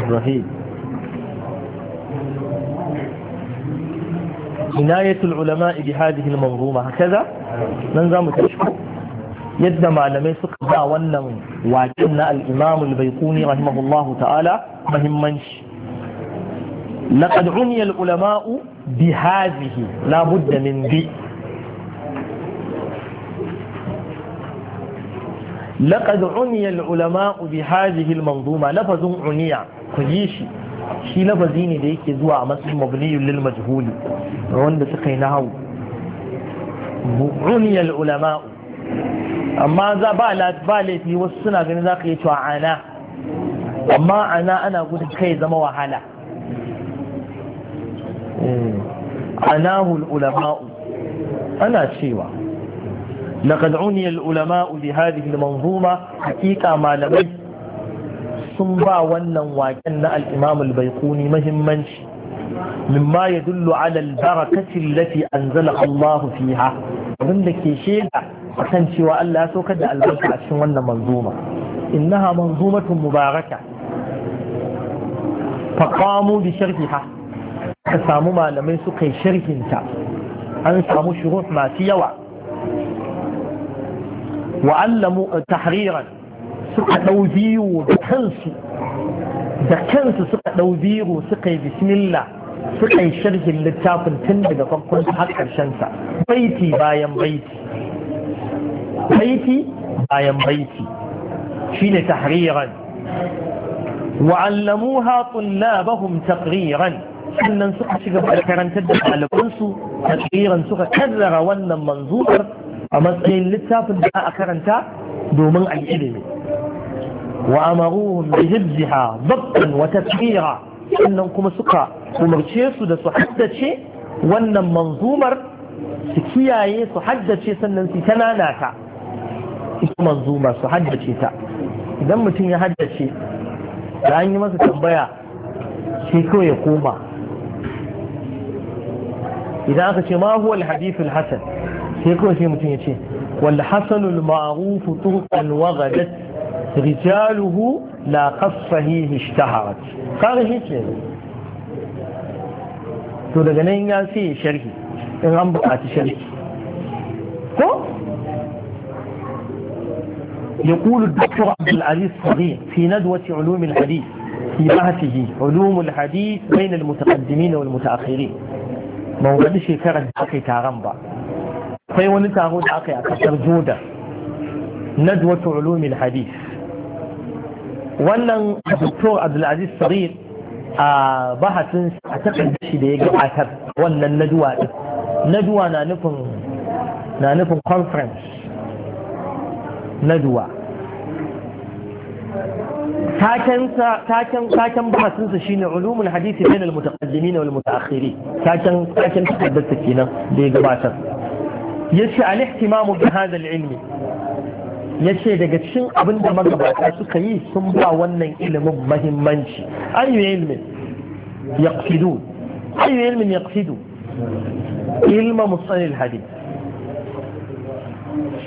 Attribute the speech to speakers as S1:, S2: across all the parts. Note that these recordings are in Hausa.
S1: الرحيم عناية العلماء بهذه المنظومة هكذا ننزم تشكو يد ما لم يسق ونم واجبنا الإمام البيقوني رحمه الله تعالى مهمنش لقد عني العلماء بهذه لا بد من بي لقد عني العلماء بهذه المنظومة لفظ عنيع ku ji shi shi lafazi ne da yake zuwa a matsayin mabniyul lil majhuli wanda suka yi nahawu buniyal ulama amma za ba ba laifi wasu suna ganin za ka yi cewa ana amma ana ana gudun kai zama wahala eh, anahul ulama ana cewa لقد عني العلماء بهذه المنظومة حقيقة ما لمس sun ba wannan waken na al baikuni mahimmanci baiquni muhimmanci mimma yadullu ala al-barakati allati anzala allahu fiha abinda ke a akan cewa Allah ya saukar da albarka a cikin wannan manzuma innaha manzumatun mubaraka faqamu bi sharhiha ka samu malamai su yi sharhinta an samu shuruh masu yawa Wa allamu tahriran suka ɗau biyu da kansu da kansu suka ɗau biyu suka yi bismillah suka yi sharhin littafin tun daga farkon har sa baiti bayan baiti baiti bayan baiti shine tahriran wa'allamuha tullabahum taqriran sannan suka shiga karantar da ɗalibansu taqriran suka karrara wannan manzuwar a matsayin littafin da a karanta domin al'ilimi وأمروهم بهبزها ضبطا وتسعيرا sannan kuma suka umarce su da su haddace wannan manzumar su kiyaye su haddace sannan su tanana ta ita manzuma su haddace ta idan mutum ya haddace da an yi tambaya sai kawai ya koma idan aka ce ma sai kawai sai mutum ya ce wal hasanul ma'ruf turqan wa رجاله لا قصه اشتهرت kare هيك ke to daga nan ya شركي ان ام an شركي
S2: كو يقول
S1: الدكتور عبد العزيز صغير في ندوة علوم الحديث
S2: في بحثه
S1: علوم الحديث بين المتقدمين والمتأخرين ما هو وجد شكرا حقي تارمبا فيوني تارود حقي أكثر جودة ندوة علوم الحديث wannan doktor abdulaziz sarir a bahasin a takardar shi da ya gabatar wannan naduwa din naduwa na nufin na nufin conference naduwa taken bahasinsa shi ne ulumul hadisi bain al-mutaqaddimi wal mutaakhiri taken taken takardar kenan da ya gabatar yace al-ihtimamu bi hadha al-ilmi ya ce daga cikin abin da magabata suka yi sun ba wannan ilimin mahimmanci ayyu ilmin
S2: yaqsidu
S1: ayyu ilmin yaqsidu ilma musanil hadith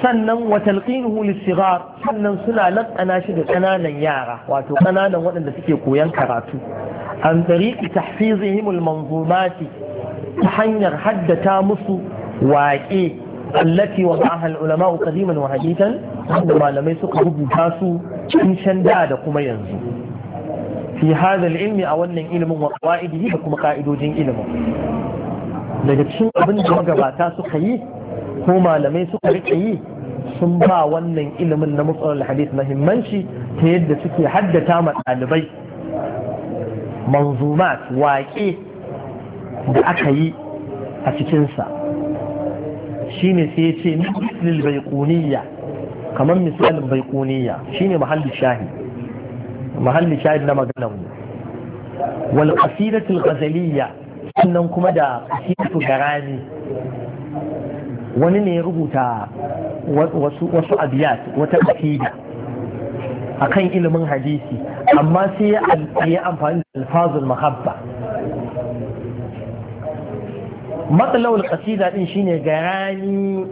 S1: sannan wa talqinuhu lisighar sannan suna lakana shi da kananan yara wato kananan waɗanda suke koyan karatu an tariqi tahfizihim almanzumati ta hanyar haddata musu waƙe allati wada'aha al-ulama qadiman wa hadithan wanda malamai suka rubuta su cikin shanda da kuma yanzu fi hadha ilmi a wannan ilimin wa qawaidihi da kuma ka'idojin ilimin daga cikin abinda da magabata suka yi ko malamai suka rike yi sun ba wannan ilmin na matsalar hadith mahimmanci ta yadda suke haddata ma ɗalibai manzuma waƙe da aka yi a cikinsa shine sai ya ce misalin baikuniya kamar misalin Shi shine mahallin shahi mahallin shahi na maganar mu wal qasidatul ghazaliyya sannan kuma da qasidatu garani wani ne ya rubuta wasu abiyat wata qasida akan ilimin hadisi amma sai ya amfani da alfazul mahabba
S2: matsalawar kasida
S1: din shine garani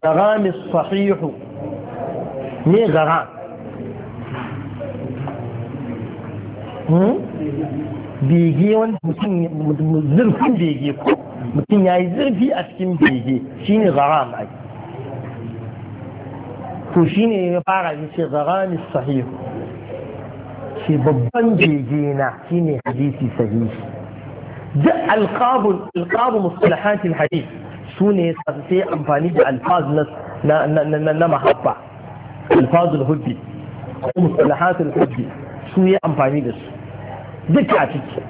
S1: garami sahihu
S2: ne gara
S1: bege wani mutum zurfin bege ko mutum ya yi zurfi a cikin bege shine gara mai to shine ya fara ya ce garami sahihu shi babban bege na shine hadisi sahihi duk alqabul alqabu mustalahatil hadith sune sai amfani da alfaz na na mahabba alfazul hubbi mustalahatul hubbi su yi amfani da su duk a ciki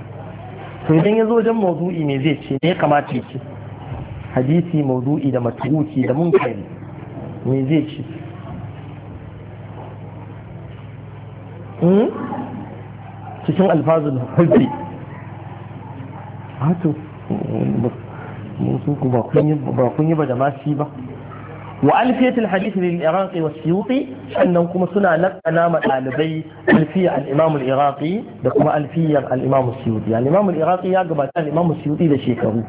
S1: to idan ya zo wajen mawdu'i ne zai ce ne kamata ya ce hadisi mawdu'i da matuki da munkari me zai ce hmm? cikin alfazul hubbi hato musu ku ba kun yi ba da mashi ba wa alfiyatul hadith lil iraqi wa suyuti sannan kuma suna lakana ma dalibai alfiya al imam al iraqi da kuma alfiyar al imam suyuti al imam al iraqi ya gabata al imam suyuti da shekaru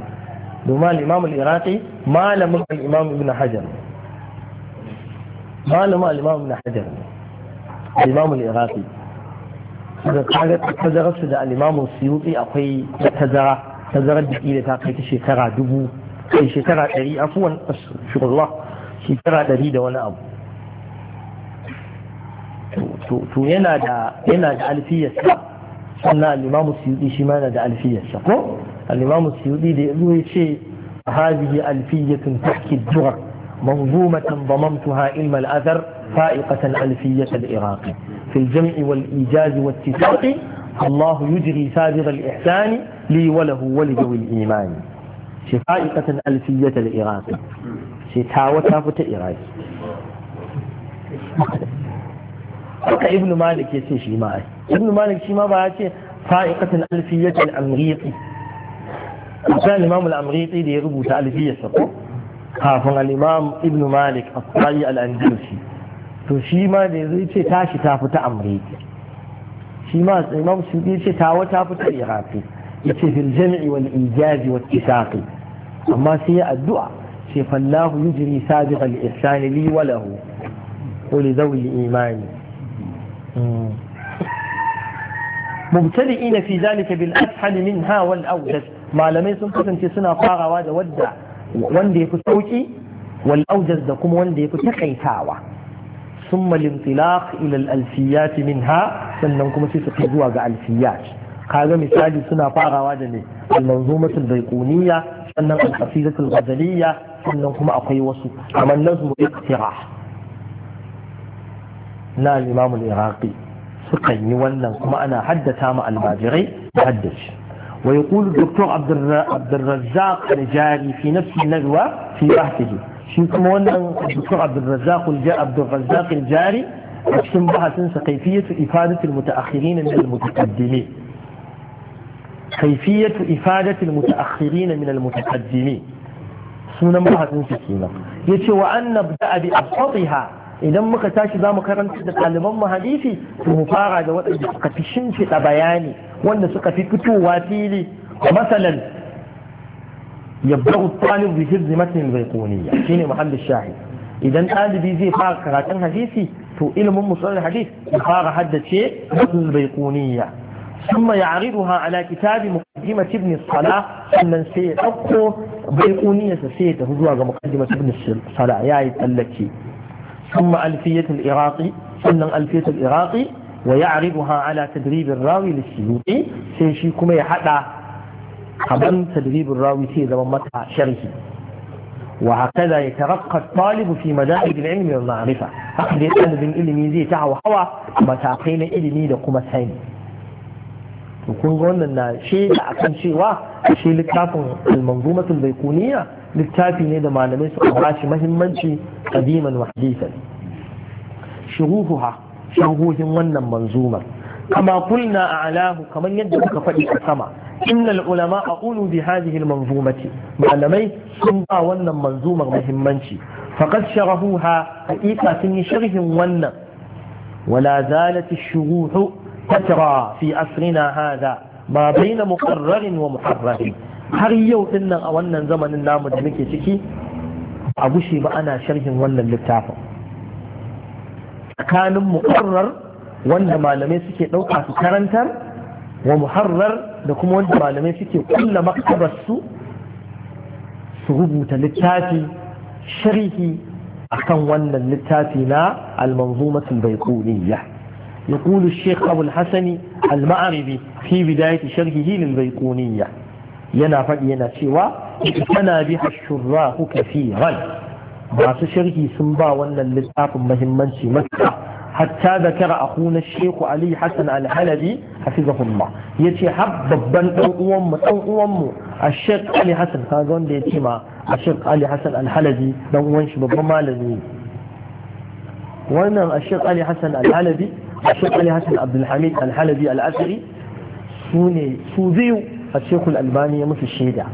S1: domin al imam al iraqi malamin al imam ibn hajar malamin al imam ibn hajar al imam al iraqi da kaga tazararsu da al imam suyuti akwai tazara tazarar da ƙila ta kai ta shekara dubu kai shekara ɗari afuwan shugullah shekara ɗari da wani abu to yana da yana da alfiyarsa sannan al'imamu suyudi shi ma yana da alfiyarsa ko al'imamu suyudi da yazo ya ce هذه ألفية تحكي الدرر منظومة ضممتها علم الأثر فائقة ألفية العراقي في الجمع والإيجاز والتساق الله يجري سابغ الإحسان li wa lahu wa li zawil imani shi fa'iqatan alfiyyata al iraqi shi ta wata fita iraqi haka ibnu malik ya ce shi ma ai ibnu malik shi ma ba ya ce fa'iqatan alfiyyata al amriqi kan imam al amriqi da ya rubuta alfiyyarsa ko kafin al malik al shi ta ta yace fil jam'i wal ijazi wat isaqi amma sai ya addu'a sai fallahu yujri sabiq al ihsan li wa lahu wa li dhawi imani hmm. mubtadi'ina fi dhalika bil ashal minha wal malamai sun kasance suna farawa da wadda wanda yafi sauki wal awjad da kuma wanda yafi takaitawa ثم الانطلاق إلى الألفيات منها سننكم zuwa ga ألفيات kaga misali suna farawa da ne al-manzumatul baiquniyya sannan al-qasidatul ghazaliyya sannan kuma akwai wasu kamar nazmu iqtira na al-imam al-iraqi suka yi wannan kuma ana haddata ma al da haddace ويقول الدكتور عبد عبد الرزاق الجاري في نفس النجوى في بحثه شو كما الدكتور عبد الرزاق عبد الرزاق الجاري أقسم بحث كيفية إفادة المتأخرين من المتقدمين كيفية إفادة المتأخرين من المتقدمين سنة مرحة سكينة يتي وأن نبدأ بأبسطها إذا ما كتاش ذا ما كرنت تتعلم ما حديثي مفارع دوات سكا في تبياني وأن سكا في كتو واتيلي مثلا يبدأ الطالب بحفظ متن البيقونية شيني محمد الشاهد إذا طالبي زي فارق كراتن حديثي تو إلى من مصطلح الحديث يفارق حدد شيء متن البيقونية ثم يعرضها على كتاب مقدمة ابن الصلاة أن سيأقو بيقونية سيئة هزوها مقدمة ابن الصلاة يا التي ثم ألفية العراقي ثم ألفية العراقي ويعرضها على تدريب الراوي للسيوطي سيشيكم يحدى قبل تدريب الراوي سيئة ومتع شرحه وهكذا يترقى الطالب في مدارج العلم والمعرفة أخذ الطالب العلمي زي تعوى هوى متاقين علمي لقمة سيني to kun ga wannan na shaida akan cewa shi littafin al-manzumatul littafi ne da malamai su ba shi muhimmanci qadiman wa hadithan shuruhuha sharhohin wannan manzumar kama kulna a'lahu kamar yadda kuka faɗi a sama innal ulama a bi hadhihi al malamai sun ba wannan manzumar muhimmanci faqad sharahuha haqiqa sun yi sharhin wannan wala zalat shuruhu تترى في أسرنا هذا ما بين مقرر ومحرر har yau din nan a wannan zamanin namu da muke ciki a gushe ba ana sharhin wannan littafin tsakanin muqarrar wanda malamai suke ɗauka su karantar wa muharrar da kuma wanda malamai suke kulla maktabar su su rubuta littafi sharhi akan wannan littafi na al-manzumatul baiquliyya يقول الشيخ أبو الحسن المعربي في بداية شرحه للبيقونية ينا فدينا سوى اقتنى بها الشراح كثيرا masu sharhi sun ba wannan littafin mahimmanci matuƙa hatta da kira akuna sheku ali hassan alhalabi hafizahullah ya ce har babban ɗan uwanmu a shek ali hassan ya ce ma a shek ali alhalabi uwan shi malami wannan a shek alhalabi a hassan abdulhamid alhalabi al'asiri su ne su biyu a shekul albani musu shaida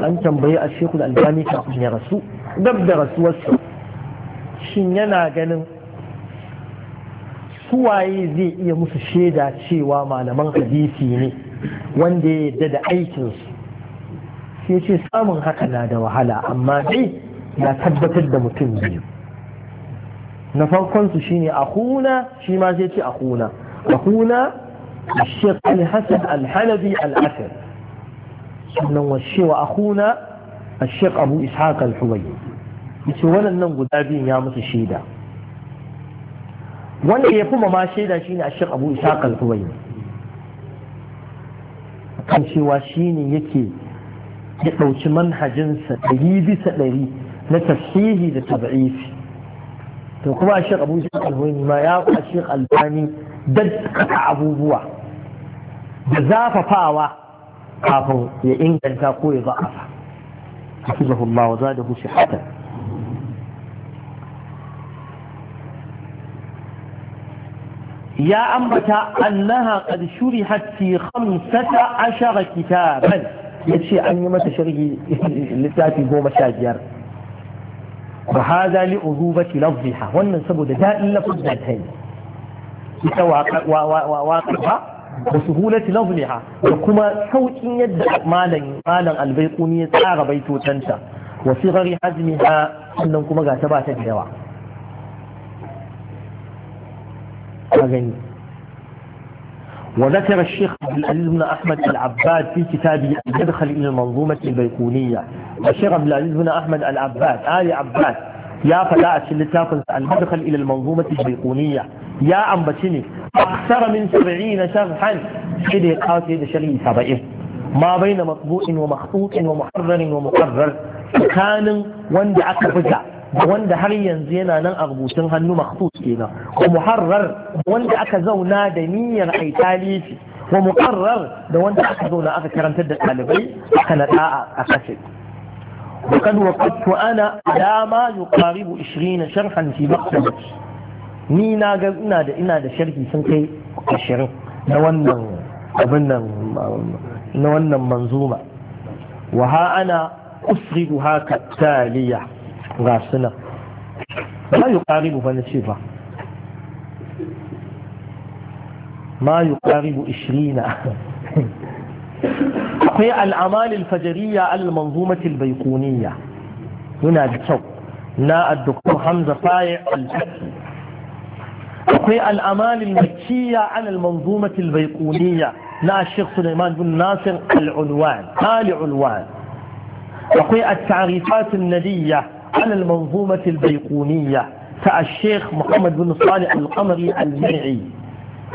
S1: an tambayi a shekul albani kafin ya rasu dab da rasuwarsa shin yana ganin suwaye zai iya musu shaida cewa malaman hadisi ne wanda ya yarda da aikinsu sai ce samun haka na da wahala amma dai ya tabbatar da mutum biyu na farkonsu su shine akhuna shi ma sai ce akhuna akhuna الشيخ الحسن الحلبي الأثر sannan washe wa akuna a sheik abu ishaq al-huwayi yace waɗannan guda biyun ya musu shaida wanda ya kuma ma shaida shine a sheik abu ishaq al-huwayi kan cewa ne yake ya ɗauki manhajinsa ɗari bisa ɗari na tafsiri da tab'ifi to kuma shi abu shi alhoyi ma ya fa shi albani dadkata abubuwa da zafafawa kafin ya inganta ko ya za'afa hafizahu Allah wa zadahu sihhatan ya ambata annaha qad shurihat fi 15 ya ce an yi mata sharhi littafi 15 wa ha zali urubati lafziha wannan saboda daɗin lafzin ta yi ita waƙar ba da suhulati lafziha da kuma sauƙin yadda malam malam albaikuni ya tsara baitotanta wa sirari hazmiha sannan kuma ga ta ba ta da yawa وذكر الشيخ عبد العزيز بن أحمد العباد في كتابه يدخل إلى المنظومة البيقونية الشيخ عبد العزيز بن أحمد العباد آل عباد يا فلاة اللتاف المدخل إلى المنظومة البيقونية يا أنبتني أكثر من سبعين شرحا سيدي قال سيدي شرعي سبعين ما بين مطبوع ومخطوط ومحرر ومقرر كان وند أكبر da wanda har yanzu yana nan a rubutun hannu makhsus kenan wa muharrar wanda aka zauna da niyyar ai talifi wa muqarrar da wanda aka zauna aka karantar da ɗalibai aka naɗa a kashe وقد وقفت أنا على ما يقارب 20 شرحا في مكتبتي ni na ga ina da ina da sharhi sun kai 20 na wannan abin nan na wannan manzuma wa ha ana usridu haka taliya غاسلة ما يقارب فن ما يقارب إشرين في الأعمال الفجرية المنظومة البيقونية هنا الشوق نا الدكتور حمزة فايع الحكي في الأعمال المكية على المنظومة البيقونية نا الشيخ سليمان بن ناصر العنوان قال عنوان وقي التعريفات النديه على المنظومة البيقونية فالشيخ محمد بن صالح القمري المنعي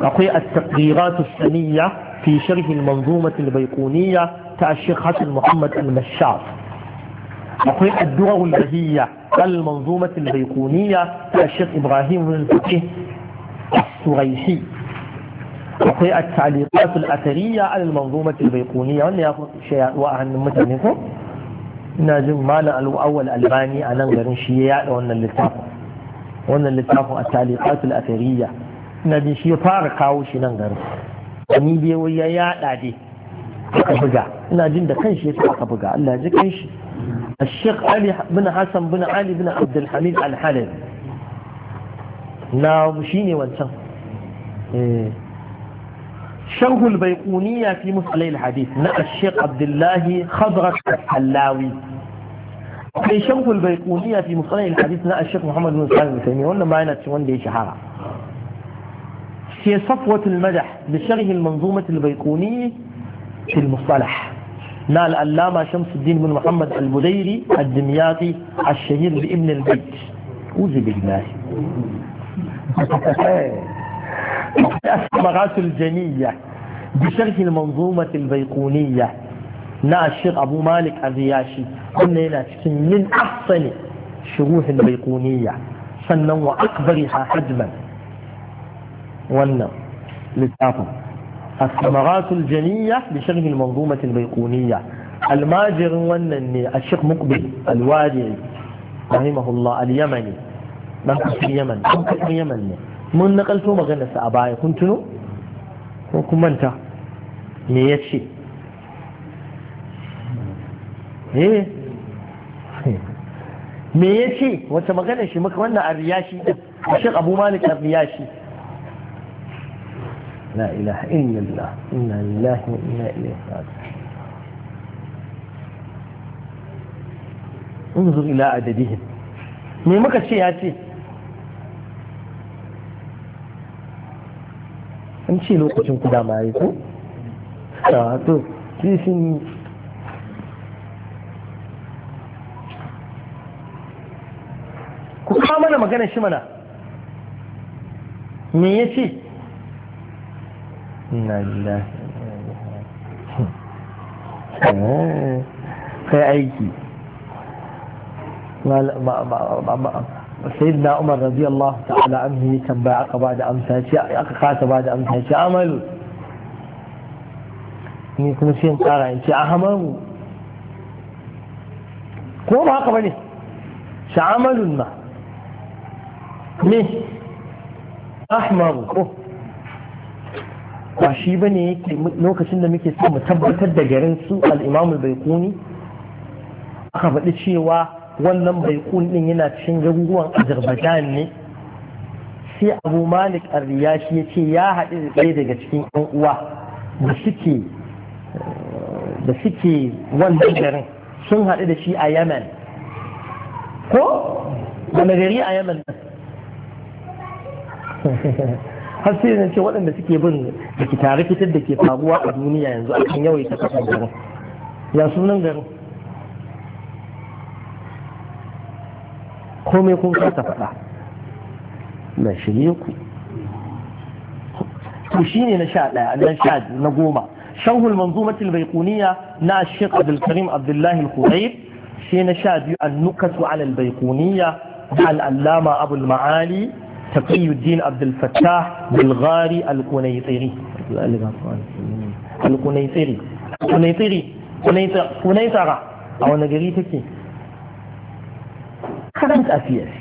S1: أقوي التقديرات السنية في شرح المنظومة البيقونية تاع حسن محمد المشاط أقوي الدرر البهية المنظومة البيقونية تاع إبراهيم بن الفقيه السريحي أقوي التعليقات الأثرية على المنظومة البيقونية وأن يقول شيء وأهن متنفه ina jin malam al'awwal albani a nan garin shi ya yada wannan littafin wannan littafin a talifatul athariya ina jin shi ya fara kawo shi nan garin wani biye wai ya yada dai aka buga ina jin da kanshi ya aka buga Allah ji kanshi Ali bin Hassan bin Ali bin Abdul Hamid al الحلبي na shi ne wancan eh. شرح البيقونية في مسألة الحديث نا الشيخ عبد الله خضرة الحلاوي في شرح البيقونية في مسألة الحديث نا الشيخ محمد بن سالم التيمي وانا ما أنا تشوان دي شهارة في صفوة المدح بشرح المنظومة البيقونية في المصطلح نال اللامة شمس الدين بن محمد البديري الدمياطي الشهير بابن البيت أوزي بالله الثمرات الجنية بشرح المنظومة البيقونية نا نعم الشيخ أبو مالك الرياشي قلنا هنا من أحسن شروح البيقونية سنا وأكبرها حجما ون للتافه الثمرات الجنية بشرح المنظومة البيقونية الماجر والنني الشيخ مقبل الوادعي رحمه الله اليمني من اليمن من اليمن mun nakalto maganarsa a baya kun tuno ko kuma manta me ya ce eh me ya ce wata magana shi muka wannan a riyashi din shi abu malik a riyashi la ilaha illallah inna lillahi wa inna ilaihi raji'un انظر الى عددهم me muka ce ya ce an ce lokacin ku dama ya ko a ah, to shi shi ne ku kama mana magana shi mana me ya ce na lillahi eh, kai aiki sayyidina umar radiyallahu ta'ala anhu ya tambaya aka ba da amsa ce aka kasa ni kuma sai in kara in ce ahamaru ko ba haka bane sha'amalun ma me ahmaru ko ba shi bane yake lokacin da muke so mu tabbatar da garin su al-imamul baiquni aka faɗi cewa wannan bai din yana cikin garuruwan azerbaijan ne sai abu malik arriyashi ya ce ya haɗu da ɗaya daga cikin yan uwa da suke da suke wannan garin sun haɗu da shi a yemen ko wani gari a yemen har sai na ce waɗanda suke bin da tare fitar da ke faruwa a duniya yanzu akan ta kasar garin ya sunan garin komai يكون kasa faɗa na shirye ku to shine na sha ɗaya المنظومة البيقونية نا الشيخ عبد الكريم عبد الله الخريب شين شاد النكت على البيقونية مع العلامة أبو المعالي تقي الدين عبد الفتاح بالغاري القنيطري القنيطري القنيطري قنيطرة أو نجريتك Karanta current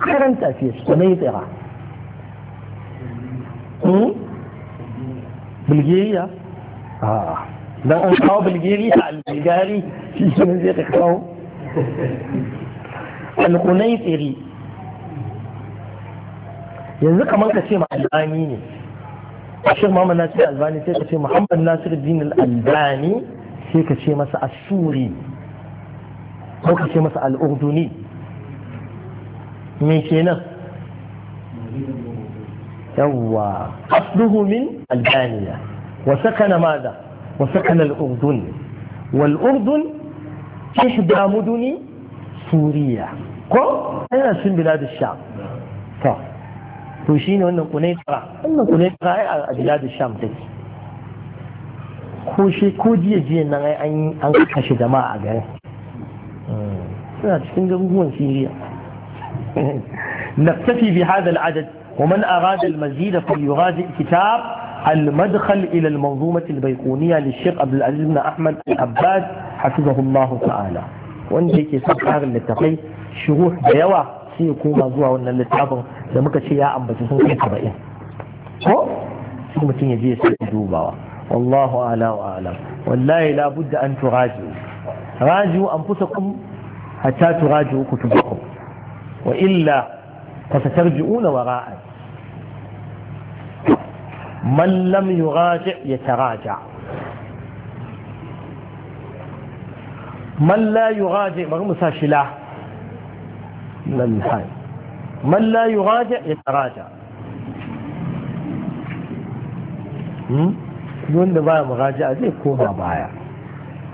S1: karanta current affairs kuma yi tsira bulgaria a dan an kawo bulgaria a bulgari shi ne zai ka kawo alkunai tsiri yanzu kamar ka ce ma albani ne ashir mama na ce albani sai ka ce muhammad nasir din albani sai ka ce masa asuri ko ka ce masa al'urduni me kenan yawwa asluhu min albaniya wa sakana madha wa sakana al-urdun wal urdun ihda muduni suriya ko yana cikin bilad sham to to shine wannan kunaitara wannan kunaitara ai a bilad sham take ko shi ko jiya jiya nan ai an kashe jama'a a garin hmm. suna cikin garuruwan siriya نكتفي بهذا العدد ومن أراد المزيد فليغادر كتاب المدخل إلى المنظومة البيقونية للشيخ عبد العزيز بن أحمد عباد حفظه الله تعالى وانجي كيسان قاغ اللي شروح بيوا سيكون مزوع وانا اللي تعبر لما كشي يا عمبا سيكون كيسان كبئين هو سيكون تيني جي سيكون والله أعلى وأعلم والله لابد أن تراجعوا راجعوا أنفسكم حتى تراجعوا كتبكم وإلا فسترجعون وراءك من لم يراجع يتراجع من لا يراجع بغم ساشلا للحال من لا يراجع يتراجع يقول لبايا مراجع زي كوما بايا